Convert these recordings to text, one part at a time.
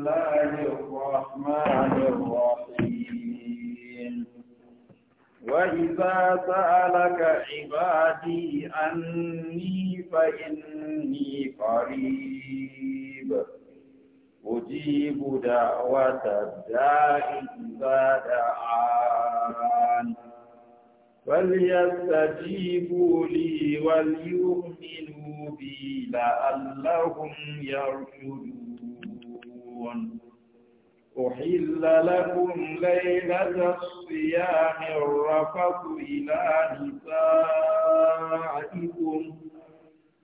الله الرحمن الرحيم وإذا سألك عبادي أني فإني قريب أجيب دعوة الدَّاعِ إذا دعان فليستجيبوا لي وليؤمنوا بي لعلهم يرشدون أحل لكم ليلة الصيام الرفق إلى نسائكم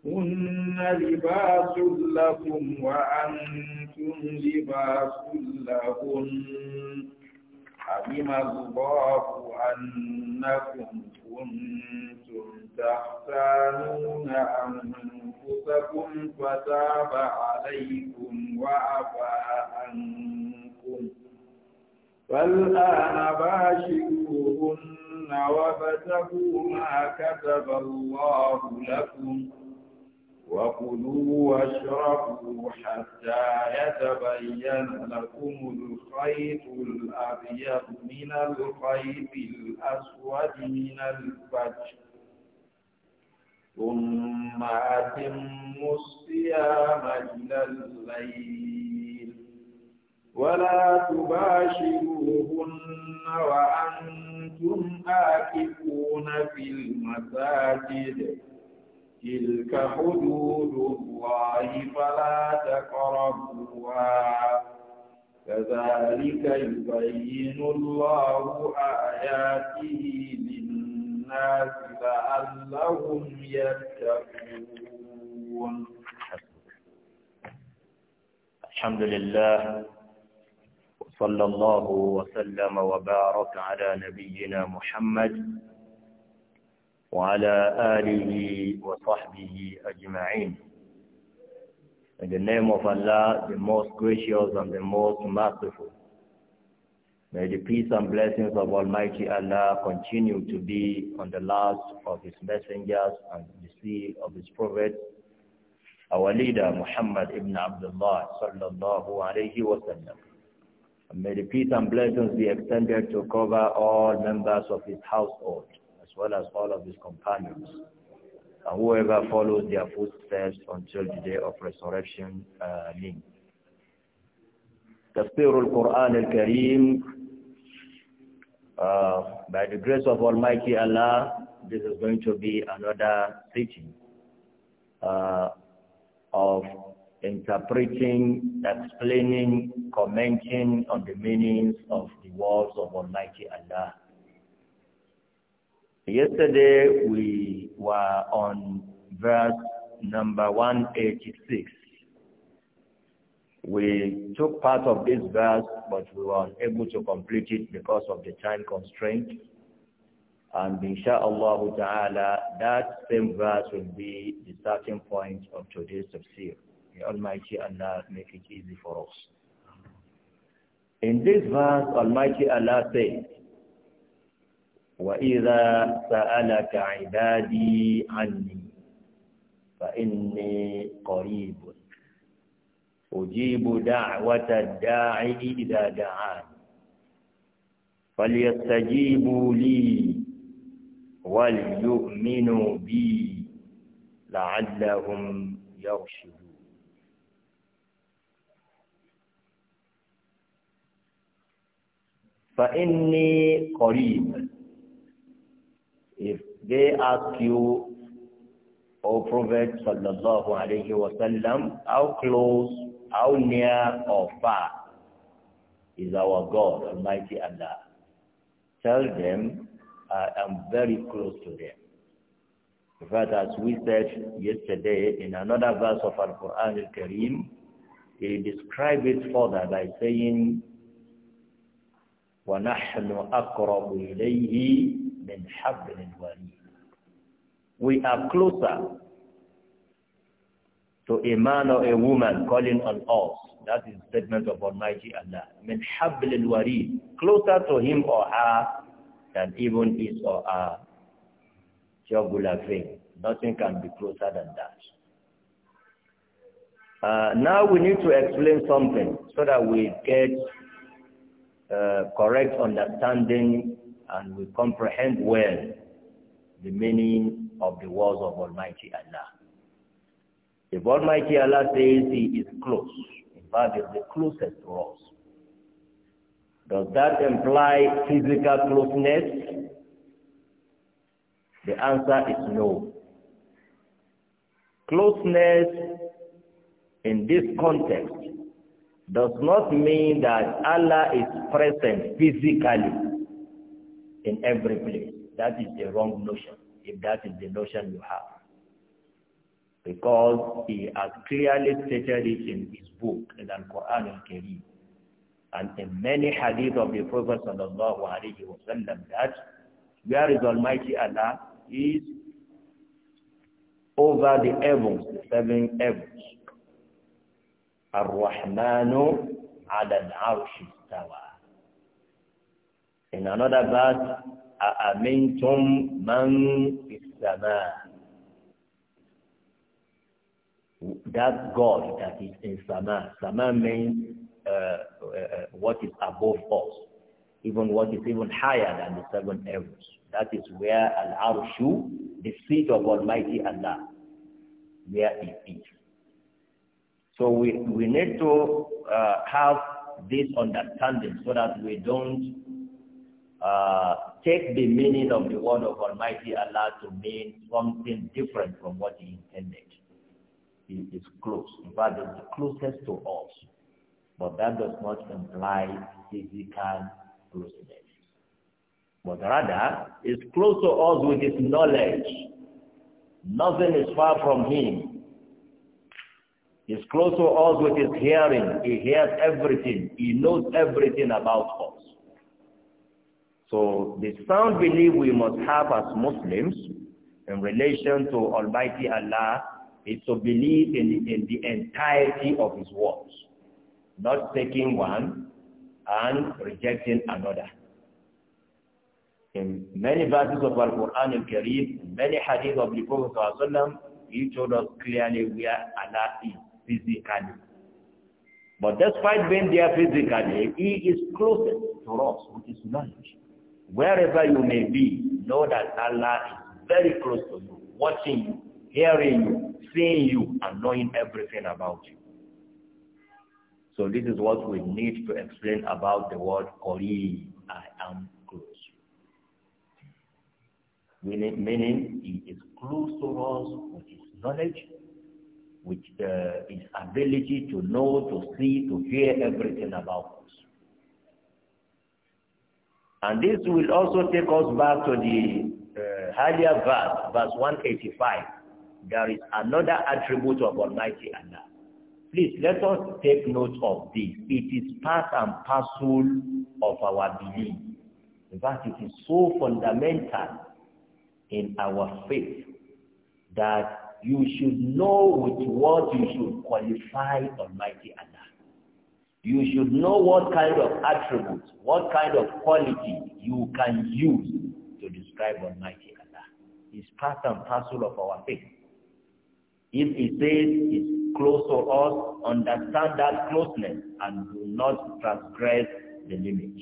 هن لباس لكم وأنتم لباس لهن علم الله أنكم كنتم تحتانون أنفسكم فتاب عليكم وعفى أنكم فالآن باشروهن وفتقوا ما كتب الله لكم وكلوا واشربوا حتى يتبين لكم الخيط الأبيض من الخيط الأسود من الفجر ثم أتموا الصيام إلى الليل ولا تباشروهن وأنتم آكفون في المساجد تلك حدود الله فلا تقربوها كذلك يبين الله آياته للناس لعلهم يتقون الحمد لله صلى الله وسلم وبارك على نبينا محمد وعلى آله وصحبه أجمعين. In the name of Allah, the most gracious and the most merciful. May the peace and blessings of Almighty Allah continue to be on the last of His messengers and the seal of His prophets, our leader Muhammad ibn Abdullah sallallahu alayhi wa sallam. may the peace and blessings be extended to cover all members of His household well as all of his companions, and whoever follows their footsteps until the day of resurrection uh, means. تفسير Quran al uh, by the grace of Almighty Allah this is going to be another teaching uh, of interpreting, explaining, commenting on the meanings of the words of Almighty Allah Yesterday we were on verse number 186. We took part of this verse, but we were unable to complete it because of the time constraint. And insha'Allah ta'ala, that same verse will be the starting point of today's tafsir. May Almighty Allah make it easy for us. In this verse, Almighty Allah says, وإذا سألك عبادي عني فإني قريب أجيب دعوة الداعي إذا دعاني فليستجيبوا لي وليؤمنوا بي لعلهم يرشدون فإني قريب If they ask you, O Prophet sallallahu alayhi wasallam, how close, how near or far is our God, Almighty Allah? Tell them, I am very close to them. In fact, as we said yesterday in another verse of Al-Quran al-Karim, he described it further by saying, وَنَحْنُ أَقْرَبُ إِلَيْهِ min hablil warid. We are closer to a man or a woman calling on us. That is statement of Almighty Allah. Min hablil warid. Closer to him or her than even his or her jugular vein. Nothing can be closer than that. Uh, now we need to explain something so that we get uh, correct understanding and we comprehend well the meaning of the words of Almighty Allah. If Almighty Allah says He is close, in fact, He is the closest to us, does that imply physical closeness? The answer is no. Closeness in this context does not mean that Allah is present physically in every place. That is the wrong notion, if that is the notion you have. Because he has clearly stated it in his book, in the quran al-Kareem, and in many hadith of the Prophet sallallahu alaihi wasallam that where is Almighty Allah is over the heavens, the seven heavens. Ar-Rahmanu ala al-Arshi in another verse, أَأَمِنْتُمْ مَنْ فِي السَّمَاءِ That God that is in Sama. Sama means uh, uh, what is above us, even what is even higher than the seven heavens. That is where Al-Arshu, the seat of Almighty Allah, where it is. So we, we need to uh, have this understanding so that we don't uh, take the meaning of the word of Almighty Allah to mean something different from what He intended. is close. In fact, the closest to us. But that does not imply physical closeness. But rather, it's close to us with His knowledge. Nothing is far from Him. He's close to us with His hearing. He hears everything. He knows everything about us. So the sound belief we must have as Muslims in relation to Almighty Allah is to believe in, in the entirety of His words, not taking one and rejecting another. In many verses of Al-Quran and kareem many hadith of the Prophet Sallallahu he told us clearly where Allah is physically. But despite being there physically, He is closest to us with His knowledge. Wherever you may be, know that Allah is very close to you, watching you, hearing you, seeing you, and knowing everything about you. So this is what we need to explain about the word Qari, I am close. Meaning, meaning he is close to us with his knowledge, with uh, his ability to know, to see, to hear everything about and this will also take us back to the uh, earlier verse, verse 185. There is another attribute of Almighty Allah. Please let us take note of this. It is part and parcel of our belief. In fact, it is so fundamental in our faith that you should know with what you should qualify Almighty Allah you should know what kind of attributes, what kind of quality you can use to describe Almighty Allah. It's part and parcel of our faith. If He says it's close to us, understand that closeness and do not transgress the limit.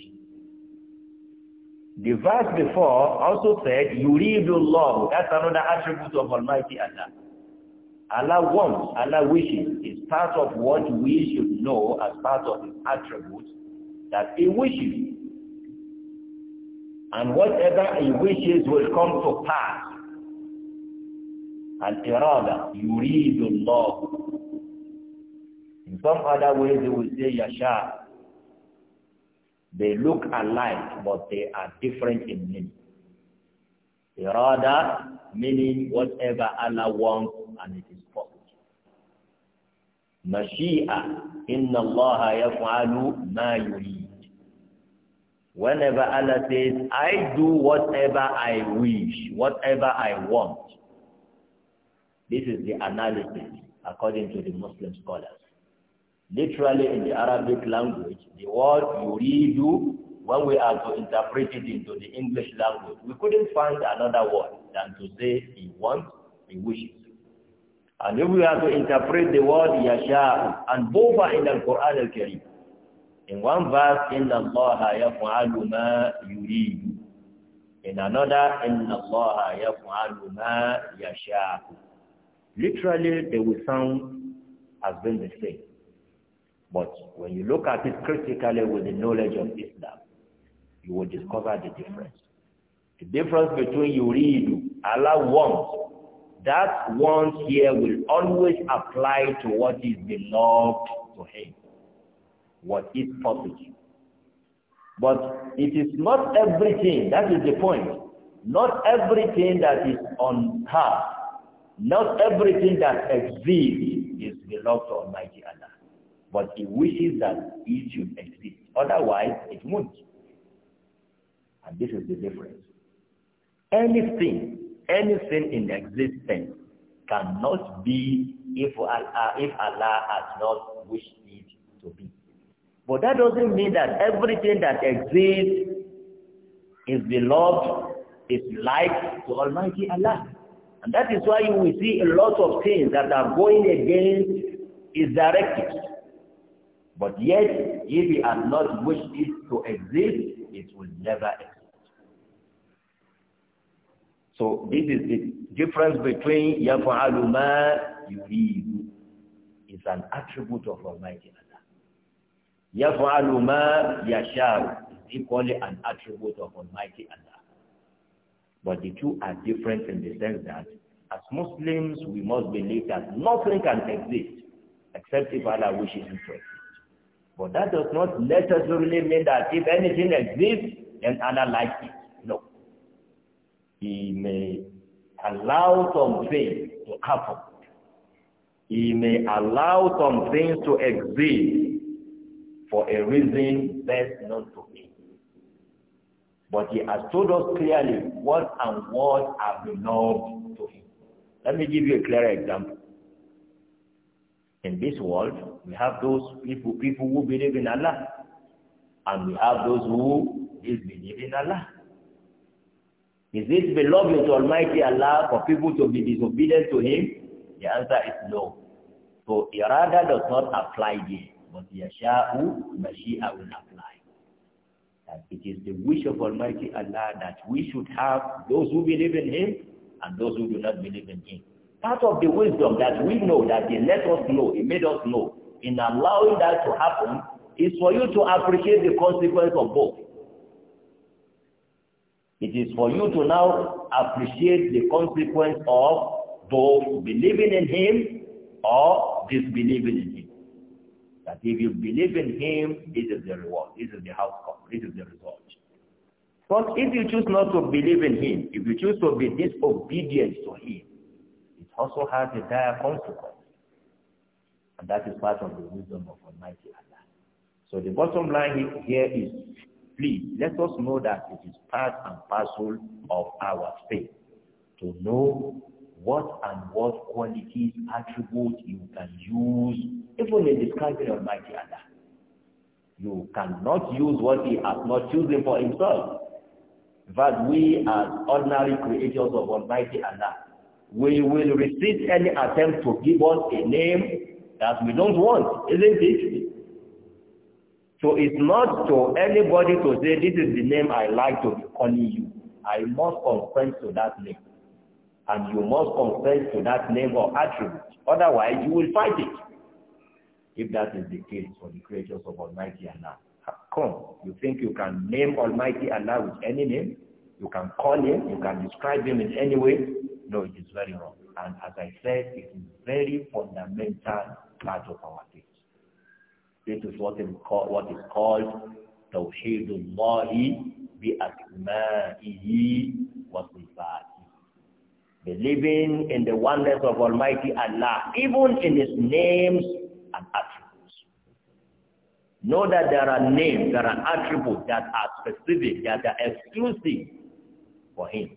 The verse before also said, You read Allah. That's another attribute of Almighty Allah. Allah wants, Allah wishes is part of what we should know as part of his attributes that he wishes. And whatever he wishes will come to pass. Al-irada, yuridullah. In some other way they will say yasha. They look alike, but they are different in meaning. Irada, meaning whatever Allah wants and it is fault. Mashia, inna Allah yaf'alu ma yurid. Whenever Allah says, I do whatever I wish, whatever I want. This is the analysis according to the Muslim scholars. Literally in the Arabic language, the word yuridu, when we are to interpret it into the English language, we couldn't find another word than to say he wants, he wishes. And if we are to interpret the word yasha, and both are in the Quran al In one verse, إِنَّ اللَّهَ يَفْعَلُ مَا يُرِيدُ In another, إِنَّ اللَّهَ يَفْعَلُ مَا yasha. Literally, they will sound as being the same. But when you look at it critically with the knowledge of Islam, you will discover the difference. The difference between yuridu, Allah wants, that one here will always apply to what is beloved to him, what is positive. But it is not everything, that is the point. Not everything that is on path, not everything that exists is beloved to Almighty Allah. But he wishes that it should exist. Otherwise, it won't. And this is the difference. Anything anything in existence cannot be if Allah, uh, uh, if Allah has not wished it to be. But that doesn't mean that everything that exists is beloved, is liked to Almighty Allah. And that is why you will see a lot of things that are going against His directives. But yet, if He has not wished it to exist, it will never exist. So this is the difference between يَفْعَلُ مَا يُرِيدُ is an attribute of Almighty Allah. يَفْعَلُ مَا يَشَاءُ is equally an attribute of Almighty Allah. But the two are different in the sense that as Muslims, we must believe that nothing can exist except if Allah wishes it to exist. But that does not necessarily mean that if anything exists, then Allah likes it. He may allow some things to happen. He may allow some things to exist for a reason best known to him. But he has told us clearly what and what are beloved to him. Let me give you a clear example. In this world, we have those people, people who believe in Allah, and we have those who disbelieve in Allah. Is it beloved to Almighty Allah for people to be disobedient to Him? The answer is no. So irada does not apply here, but yasha'u, mashia will apply. That it is the wish of Almighty Allah that we should have those who believe in Him and those who do not believe in Him. Part of the wisdom that we know, that He let us know, He made us know, in allowing that to happen, is for you to appreciate the consequence of both. It is for you to now appreciate the consequence of both believing in him or disbelieving in him. That if you believe in him, this is the reward, this is the outcome, this is the result. But if you choose not to believe in him, if you choose to be disobedient to him, it also has a dire consequence. And that is part of the wisdom of Almighty Allah. So the bottom line here is Please let us know that it is part and parcel of our faith to know what and what qualities, attributes you can use even in describing Almighty Allah. You cannot use what He has not chosen for Himself. But we as ordinary creators of Almighty Allah, we will resist any attempt to give us a name that we don't want, isn't it? So it's not to anybody to say, this is the name I like to be calling you. I must confess to that name. And you must confess to that name or attribute. Otherwise, you will fight it. If that is the case for the creatures of Almighty Allah. Come, you think you can name Almighty Allah with any name? You can call him, you can describe him in any way? No, it is very wrong. And as I said, it is very fundamental part of our this is what is called, what is called bi الله wa sifāti, believing in the oneness of Almighty Allah, even in His names and attributes. Know that there are names, there are attributes that are specific, that are exclusive for Him,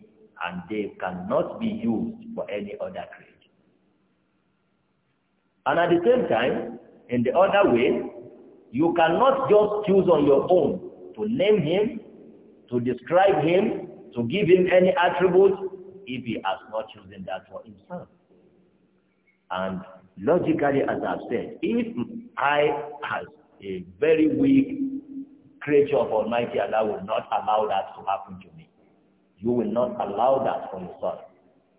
and they cannot be used for any other creature. And at the same time, in the other way, you cannot just choose on your own to name him, to describe him, to give him any attribute if he has not chosen that for himself. And logically, as I've said, if I, as a very weak creature of Almighty Allah, will not allow that to happen to me, you will not allow that for yourself.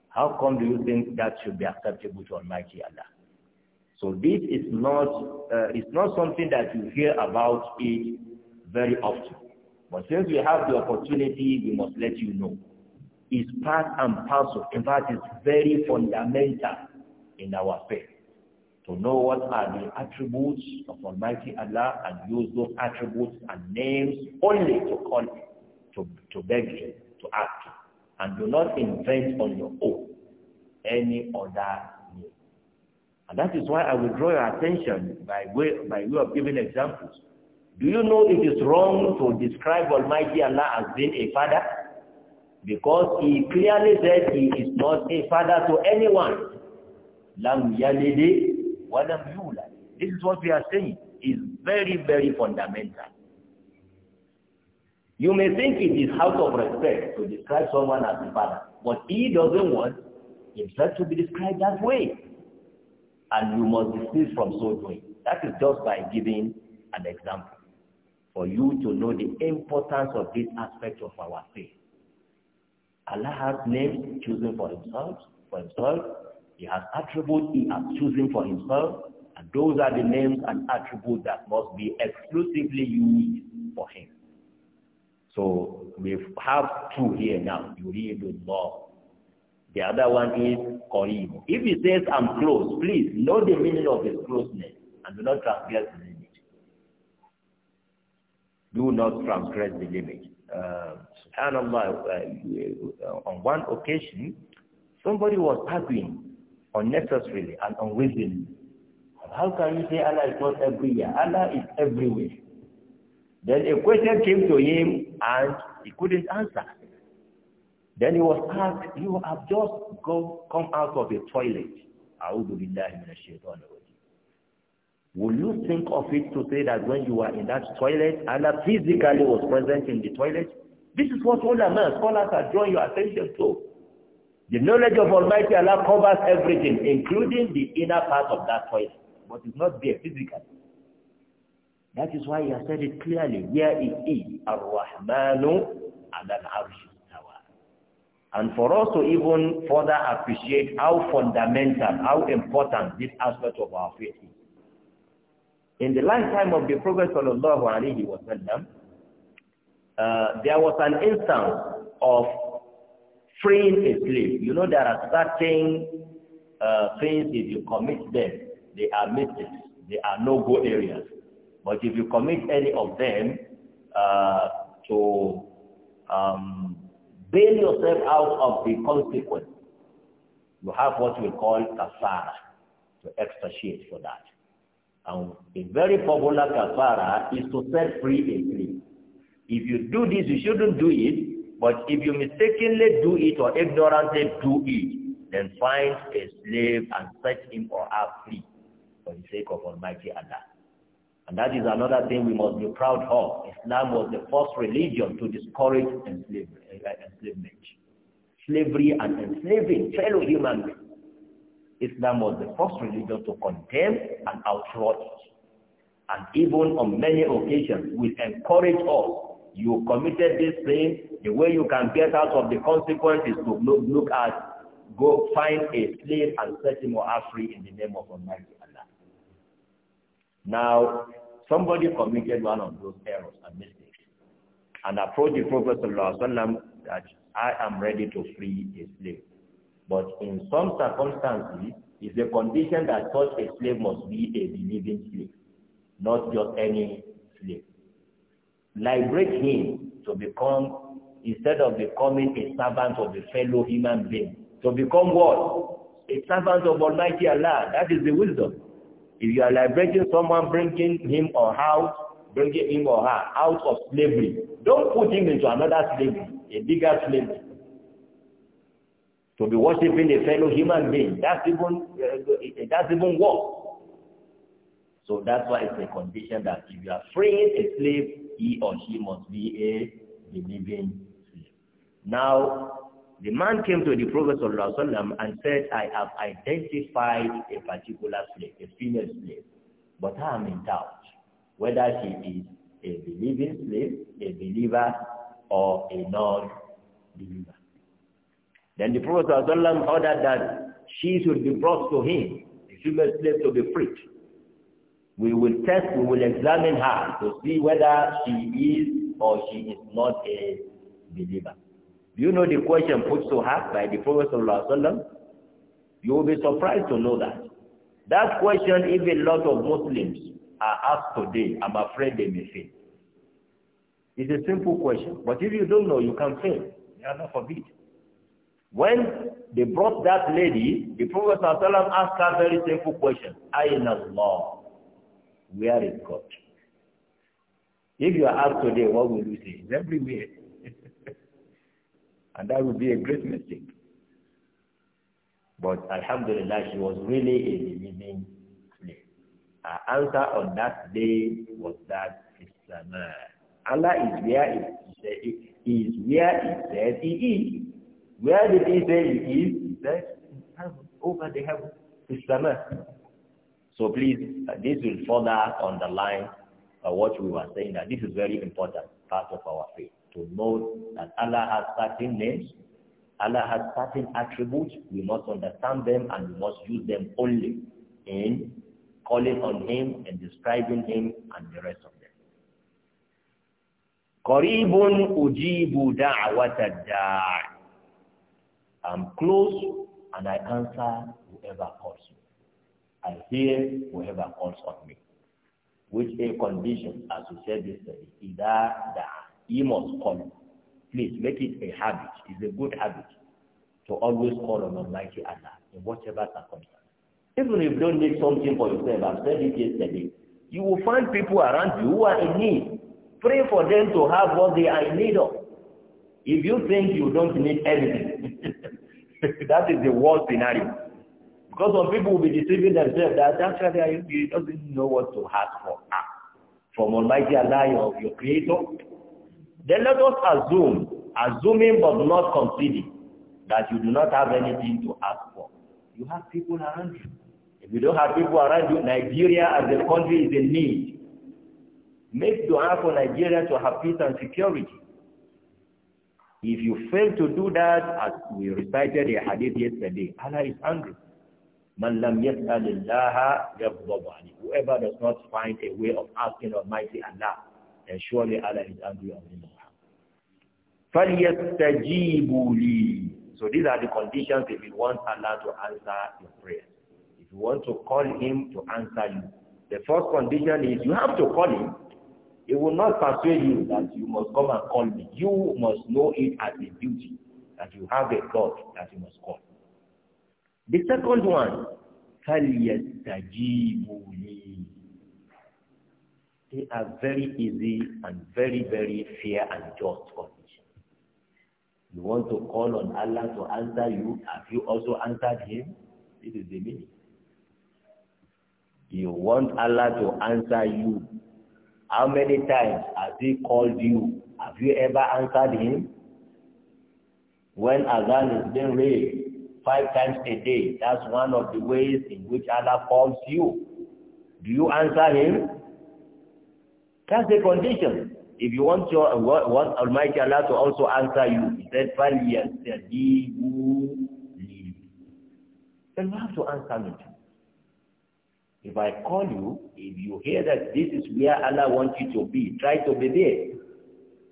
How come do you think that should be acceptable to Almighty Allah? So this is not, uh, it's not something that you hear about it very often. But since we have the opportunity, we must let you know. It's part and parcel. In fact, it's very fundamental in our faith to know what are the attributes of Almighty Allah and use those attributes and names only to call Him, to, to beg Him, to ask Him. And do not invent on your own any other and that is why I will draw your attention by way, by way of giving examples. Do you know it is wrong to describe Almighty Allah as being a father? Because he clearly said he is not a father to anyone. لَمْ يَلِدِ وَلَمْ يُولَدِ This is what we are saying. is very, very fundamental. You may think it is out of respect to describe someone as a father, but he doesn't want himself to be described that way and you must desist from so doing. That is just by giving an example for you to know the importance of this aspect of our faith. Allah has names chosen for himself, for himself. He has attributes he has chosen for himself. And those are the names and attributes that must be exclusively used for him. So we have two here now. You read the law the other one is Qareeb. If he says, I'm close, please know the meaning of his closeness and do not transgress the limit. Do not transgress the limit. Uh, SubhanAllah, uh, on one occasion, somebody was arguing unnecessarily and unreasonably. How can you say Allah is not everywhere? Allah is everywhere. Then a question came to him and he couldn't answer. Then he was asked, you have just go, come out of a toilet. Would you think of it to say that when you were in that toilet, Allah physically was present in the toilet? This is what ulama, scholars are drawing your attention to. The knowledge of Almighty Allah covers everything, including the inner part of that toilet, but it's not there physically. That is why he has said it clearly. Where it is, Ar-Rahmanu Al an And for us to even further appreciate how fundamental, how important this aspect of our faith is. In the lifetime of the Prophet sallallahu alaihi wasallam, uh, there was an instance of freeing a slave. You know there are certain uh, things if you commit them, they are missed. they are no-go areas. But if you commit any of them uh, to um, bail yourself out of the consequence. You have what we call kafara to expiate for that. And a very popular kafara is to set free a slave. If you do this, you shouldn't do it, but if you mistakenly do it or ignorantly do it, then find a slave and set him or her free for the sake of Almighty Allah. And that is another thing we must be proud of. Islam was the first religion to discourage eh, enslavement. Slavery and enslaving fellow human beings. Islam was the first religion to condemn and outraw it. And even on many occasions will encourage us. You committed this thing, The way you can get out of the consequences to look, look at, go find a slave and set him or free in the name of Almighty Allah. Now, Somebody committed one of those errors and mistakes and approached the Prophet ﷺ that I am ready to free a slave. But in some circumstances, it's a condition that such a slave must be a believing slave, not just any slave. Liberate him to become, instead of becoming a servant of a fellow human being, to become what? A servant of Almighty Allah. That is the wisdom. If you are liberating someone, bringing him or her, bringing him or her out of slavery, don't put him into another slavery, a bigger slavery. To be worshiping a fellow human being, that's even uh, that's even worse. So that's why it's a condition that if you are freeing a slave, he or she must be a believing slave. Now, The man came to the Prophet ﷺ and said, I have identified a particular slave, a female slave, but I am in doubt whether she is a believing slave, a believer, or a non-believer. Then the Prophet ﷺ ordered that she should be brought to him, the female slave to be freed. We will test, we will examine her to see whether she is or she is not a believer. You know the question put to her by the Prophet ﷺ? You will be surprised to know that. That question, if a lot of Muslims are asked today, I'm afraid they may fail. It's a simple question. But if you don't know, you can fail. Allah forbid. When they brought that lady, the Prophet asked her a very simple question. Aina Allah. Where is God? If you are asked today, what will you say? It's everywhere. And that would be a great mistake. But Alhamdulillah, she was really a believing slave. Her answer on that day was that Islam. Allah is where it is, is where it says he is. Where did he say he is? He says in heaven, over the heaven, Islamah. So please, uh, this will further underline uh, what we were saying that this is very important part of our faith to know that Allah has certain names, Allah has certain attributes, we must understand them and we must use them only in calling on Him and describing Him and the rest of them. Qaribun ujibu da'wata da'i. I'm close and I answer whoever calls me. I hear whoever calls on me. With a condition, as we said yesterday, ida da'a. You must call. Please make it a habit. It's a good habit to always call on Almighty Allah in whatever circumstance. Even if you don't need something for yourself, I've said it yesterday, you will find people around you who are in need. Pray for them to have what they are in need of. If you think you don't need anything, that is the worst scenario. Because some people will be deceiving themselves that actually you doesn't know what to ask for. Ah, from Almighty Allah, your, your Creator, then let us assume, assuming but not conceding, that you do not have anything to ask for. You have people around you. If you don't have people around you, Nigeria as a country is in need. Make dua for Nigeria to have peace and security. If you fail to do that, as we recited the hadith yesterday, Allah is angry. Man lam yas'alillaha yaghdab Whoever does not find a way of asking Almighty Allah, and surely Allah is angry on him. فَلْيَسْتَجِيبُوا لِي So these are the conditions if you want Allah to answer your prayer. If you want to call him to answer you. The first condition is you have to call him. He will not persuade you that you must come and call me. You must know it as a duty that you have a God that you must call. The second one, فَلْيَسْتَجِيبُوا لِي They are very easy and very, very fair and just condition. You want to call on Allah to answer you, have you also answered him? This is the meaning. You want Allah to answer you. How many times has he called you? Have you ever answered him? When Azan is being read five times a day, that's one of the ways in which Allah calls you. Do you answer him? That's the condition. If you want your want Almighty Allah to also answer you, He said, "Falyastajibu li." Then you have to answer me too. If I call you, if you hear that this is where Allah wants you to be, try to be there.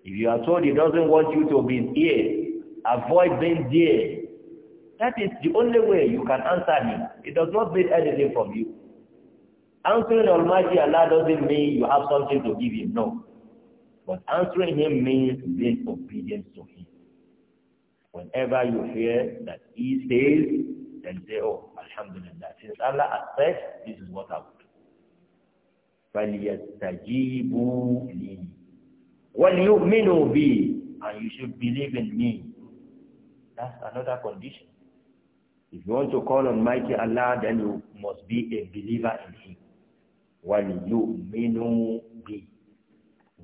If you are told He doesn't want you to be here, avoid being there. That is the only way you can answer Him. It does not mean anything from you. Answering Almighty Allah doesn't mean you have something to give Him, no. But answering Him means being obedient to Him. Whenever you hear that He says, then say, oh, Alhamdulillah, since Allah has said, this is what I will do. فَلْيَسْتَجِيبُوا لِي وَلْيُؤْمِنُوا بِي And you should believe in me. That's another condition. If you want to call on mighty Allah, then you must be a believer in Him. وَلْيُؤْمِنُوا be,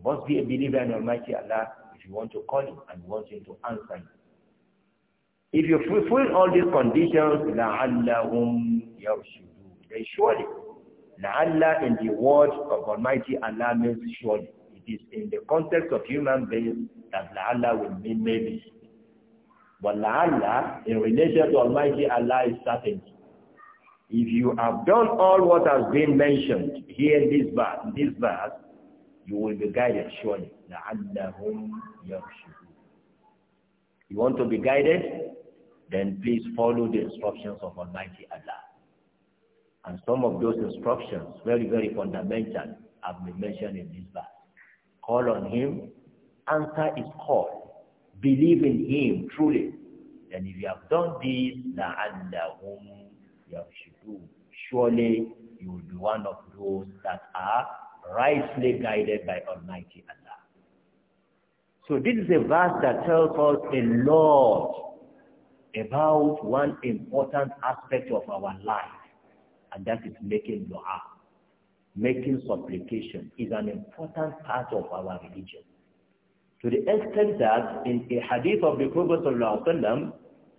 Must be a believer in Almighty Allah if you want to call Him and want Him to answer you. If you fulfill all these conditions, لَعَلَّهُمْ يَرْشُدُونَ They surely, لَعَلَّ in the word of Almighty Allah means surely. It is in the context of human beings that لَعَلَّ will mean maybe. But لَعَلَّ in relation to Almighty Allah is certainty. If you have done all what has been mentioned here in this verse, in this verse you will be guided surely. You want to be guided? Then please follow the instructions of Almighty Allah. And some of those instructions, very, very fundamental, have been mentioned in this verse. Call on Him, answer His call, believe in Him truly. And if you have done this, لَعَلَّهُمْ يَرْشُدُونَ surely you will be one of those that are rightly guided by Almighty Allah. So this is a verse that tells us a lot about one important aspect of our life, and that is making dua. Making supplication is an important part of our religion. To the extent that in a hadith of the Prophet ﷺ,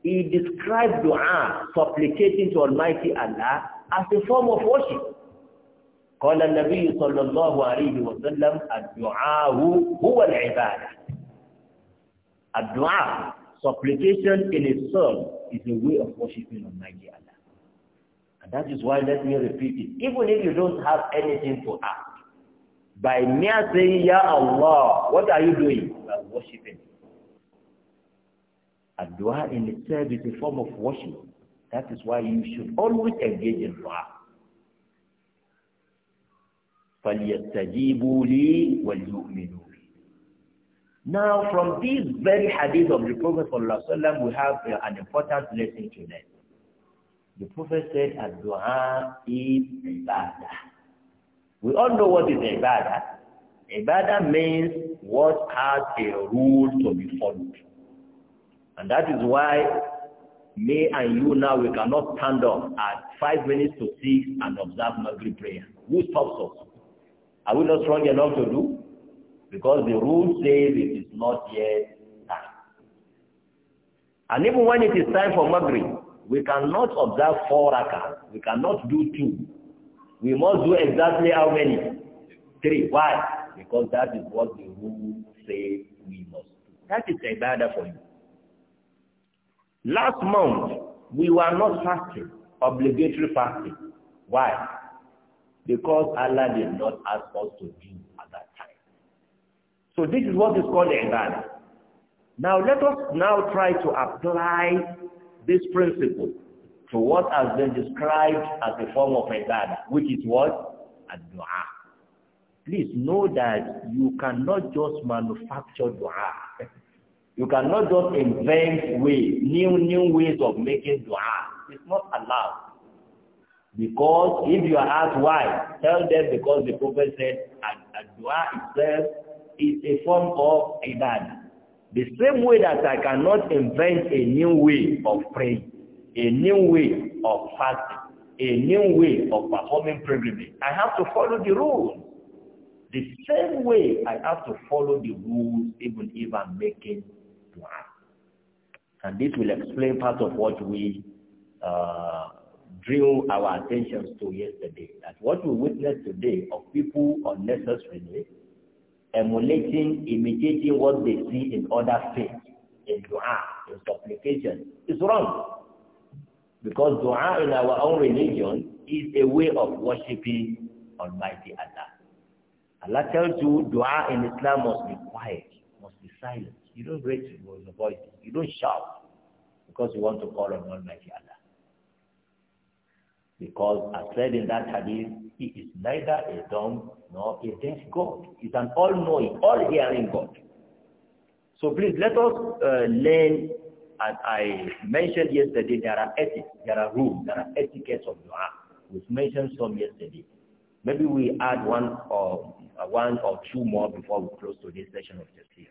He described dua, supplicating to Almighty Allah, as a form of worship. قال النبي صلى الله عليه وسلم الدعاء هو العبادة. Adua, supplication in itself is a way of worshiping Almighty Allah. And that is why let me repeat it. Even if you don't have anything to ask, by mere saying, Ya Allah, what are you doing? You are worshiping. Adua in itself is a form of worship. That is why you should always engage in dua. فَلْيَسْتَجِيبُوا لِي وَلْيُؤْمِنُوا Now from this very hadith of the Prophet ﷺ, we have uh, an important lesson to learn. The Prophet said, a dua is ibadah. We all know what is ibadah. Ibadah means what has a rule to be followed. And that is why me and you now, we cannot stand up at five minutes to six and observe Maghrib prayer. Who stops us? Are we not strong enough to do? Because the rule says it is not yet time. And even when it is time for Maghrib, we cannot observe four rakah. We cannot do two. We must do exactly how many? Three. Why? Because that is what the rule says we must do. That is ibadah for you. Last month, we were not fasting, obligatory fasting. Why? Because Allah did not ask us to do at that time. So this is what is called ibadah. Now let us now try to apply this principle to what has been described as a form of ibadah, which is what? Ad-du'a. Please know that you cannot just manufacture du'a. You cannot just invent ways, new new ways of making dua. It's not allowed. Because if you are asked why, tell them because the Prophet said that dua itself is a form of ibadah. The same way that I cannot invent a new way of praying, a new way of fasting, a new way of performing pilgrimage, I have to follow the rules. The same way I have to follow the rules even if I'm making dua. And this will explain part of what we uh, drew our attention to yesterday. That what we witnessed today of people unnecessarily emulating, imitating what they see in other faiths, in dua, in supplication, is wrong. Because dua in our own religion is a way of worshipping Almighty Allah. Allah tells you dua in Islam must be quiet, must be silent. You don't raise your voice. You don't shout because you want to call on Almighty Allah. Because as said in that hadith, He is neither a dumb nor a deaf God. He's an all-knowing, all-hearing God. So please let us uh, learn, as I mentioned yesterday, there are ethics, there are rules, there are etiquettes of dua. We've mentioned some yesterday. Maybe we add one or uh, one or two more before we close today's session of this year.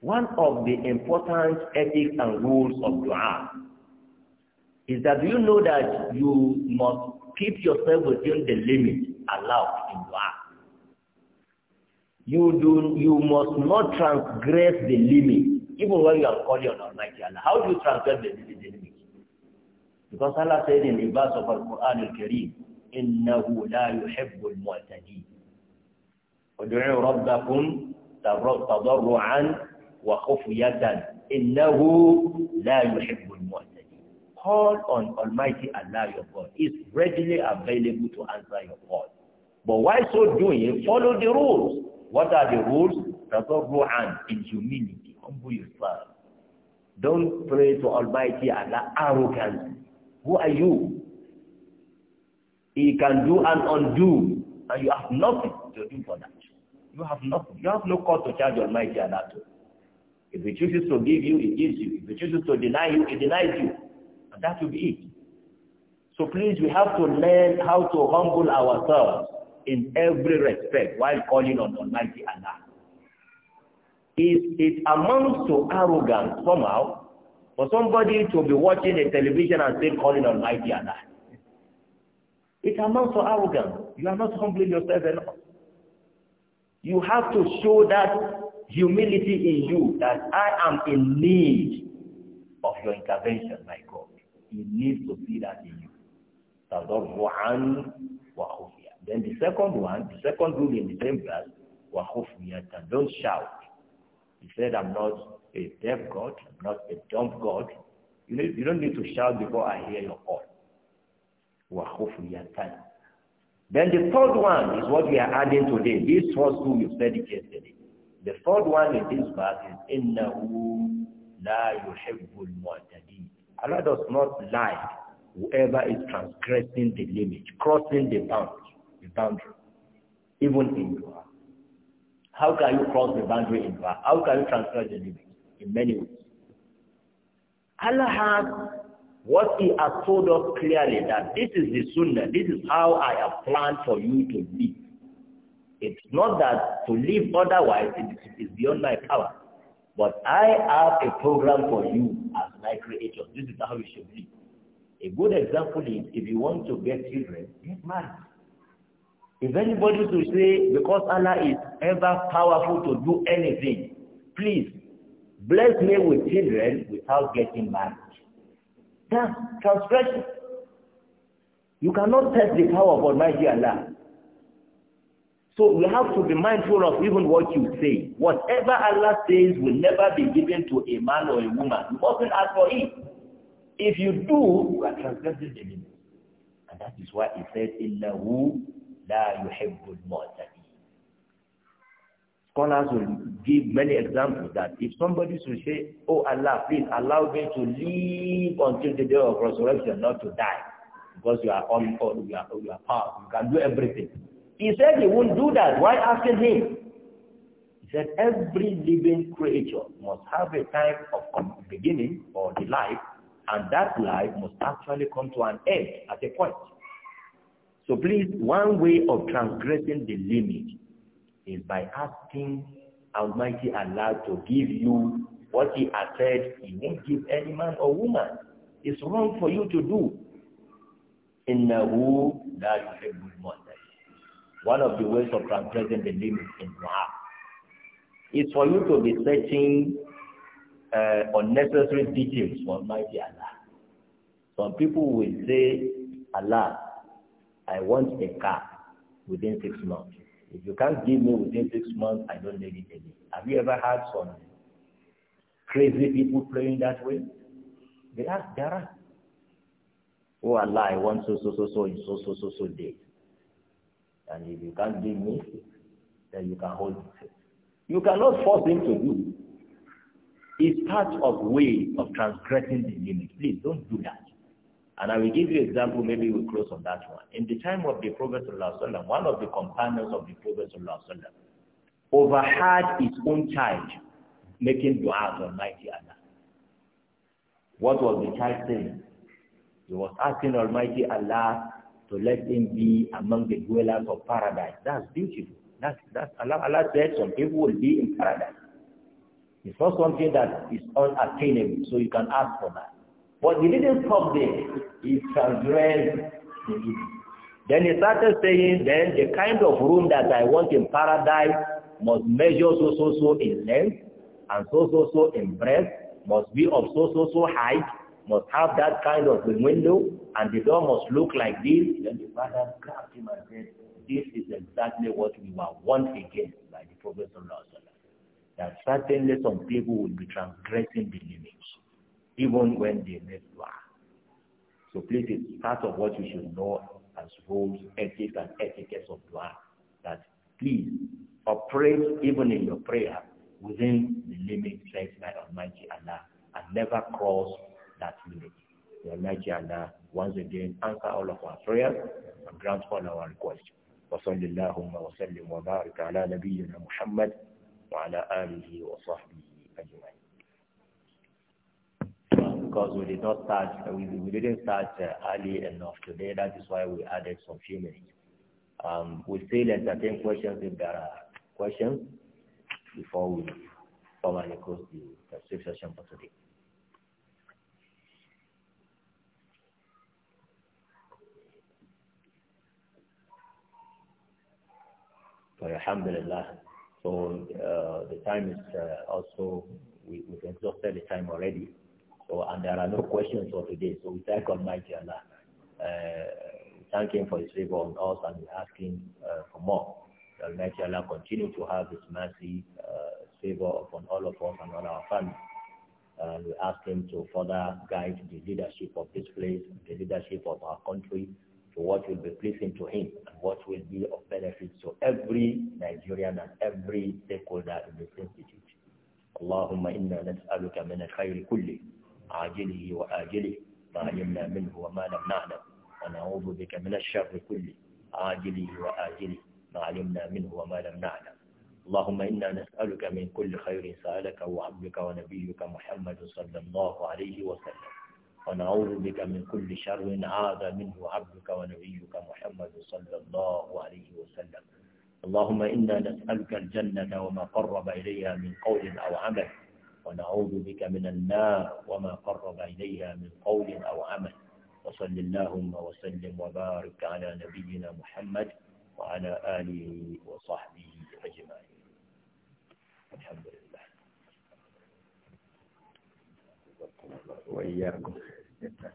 One of the important ethics and rules of dua is that you know that you must keep yourself within the limit allowed in dua. You do you must not transgress the limit, even when you are calling on Almighty Allah. How do you transgress the, the, the limit? Because Allah said in the verse of Al Quran al Kareem, إِنَّهُ لَا يُحِبُّ الْمُعْتَدِينَ وَدُعُوا رَبَّكُمْ تَضَرُّعًا وخفية إنه لا يحب المعتدين Call on Almighty Allah your God. is readily available to answer your call. But while so doing, follow the rules. What are the rules? Tadarru'an in humility. Humble yourself. Don't pray to Almighty Allah arrogant. Who are you? He can do and undo, and you have nothing to do for that. You have nothing. You have no call to charge Almighty Allah to. If he chooses to give you, he gives you. If he chooses to deny you, he denies you. And that will be it. So please, we have to learn how to humble ourselves in every respect while calling on Almighty Allah. It, it amounts to arrogance somehow for somebody to be watching a television and still calling on Almighty Allah. It amounts to arrogance. You are not humbling yourself enough. You have to show that humility in you that I am in need of your intervention, my God. He needs to see that in you. Then the second one, the second rule in the same verse, wahufiyatan. Don't shout. He said, I'm not a deaf God, I'm not a dumb God. You, need, you don't need to shout before I hear your call. Wahufiyatan. Then the third one is what we are adding today. This first two, you said it yesterday. The third one in this verse is innahu la yuhibbul mu'tadi. Allah does not like whoever is transgressing the limit, crossing the boundary, the boundary, even in dua. How can you cross the boundary in dua? How can you transgress the limit? In many ways. Allah has what he has told us clearly that this is the sunnah, this is how I have planned for you to live. It's not that to live otherwise it is beyond my power. But I have a program for you as my creator. This is how you should live. A good example is if you want to get children, get married. If anybody to say, because Allah is ever powerful to do anything, please bless me with children without getting married. That's transgression. You cannot test the power of Almighty Allah. So we have to be mindful of even what you say. Whatever Allah says will never be given to a man or a woman. You mustn't ask for it. If you do, you are transgressing the limit. And that is why he said, إِنَّهُ لَا يُحِبُّ الْمُعْتَدِينَ Scholars will give many examples that if somebody should say, Oh Allah, please allow me to live until the day of resurrection, not to die, because you are all, all you are, you are powerful, you can do everything. He said he won't do that. Why asking him? He said every living creature must have a time of beginning or the life, and that life must actually come to an end at a point. So please, one way of transgressing the limit is by asking Almighty Allah to give you what he has said he won't give any man or woman. It's wrong for you to do. إِنَّهُ لَا يُحِبُّ الْمُعْتَدِينَ one of the ways of transgressing the limit in dua is for you to be searching uh, unnecessary details for Almighty Allah. Some people will say, Allah, I want a car within six months. If you can't give me within six months, I don't need it again. Have you ever had some crazy people praying that way? They ask, there are. Oh Allah, I want so, so, so, so, in so, so, so, so date. And if you can't give me, then you can hold it. You cannot force him to do. It's part of way of transgressing the limit. Please don't do that. And I will give you an example, maybe we'll close on that one. In the time of the Prophet ﷺ, one of the companions of the Prophet ﷺ overheard his own child making dua to Almighty Allah. What was the child saying? He was asking Almighty Allah to let him be among the dwellers of paradise. That's beautiful. That's, that's Allah, Allah said some people will be in paradise. It's not something that is unattainable, so you can ask for that. But he didn't stop there. He transgressed the Then he started saying, then the kind of room that I want in paradise must measure so, so, so in length, and so, so, so in breadth, must be of so, so, so height, must have that kind of a window and the door must look like this. Then the father grabbed him and said, this is exactly what we were once against by the Prophet that certainly some people will be transgressing the limits, even when they make dua. So please, it's part of what you should know as rules, ethics, and etiquette of dua, that please operate even in your prayer within the limits set by Almighty Allah and never cross that unit. May Allah Jalla once again answer all of our prayers and grant all our requests. وصل اللهم وسلم وبارك على نبينا محمد وعلى آله وصحبه أجمعين. Because we did not start, uh, we, we didn't start uh, early enough today. That is why we added some few minutes. Um, we still entertain questions if there are questions before we formally close the, the session for today. But alhamdulillah, so uh, the time is uh, also, we, have exhausted the time already. So, and there are no questions for today. So we thank Almighty Allah. Uh, thank Him for His favor on us and we uh, for more. Almighty Allah continue to have His mercy, uh, favor upon all of us and all our family, And we ask Him to further guide the leadership of this place, the leadership of our country, to what will be pleasing to him and what will be of benefit to every Nigerian and every stakeholder in this institute. اللهم إنا نسألك من الخير كله عاجله وآجله ما علمنا منه وما لم نعلم ونعوذ بك من الشر كله عاجله وآجله ما علمنا منه وما لم نعلم اللهم إنا نسألك من كل خير سألك وعبدك ونبيك محمد صلى الله عليه وسلم ونعوذ بك من كل شر هذا منه عبدك ونبيك محمد صلى الله عليه وسلم اللهم إنا نسألك الجنة وما قرب إليها من قول أو عمل ونعوذ بك من النار وما قرب إليها من قول أو عمل وصل اللهم وسلم وبارك على نبينا محمد وعلى آله وصحبه أجمعين الحمد لله وإياكم Yes, sir.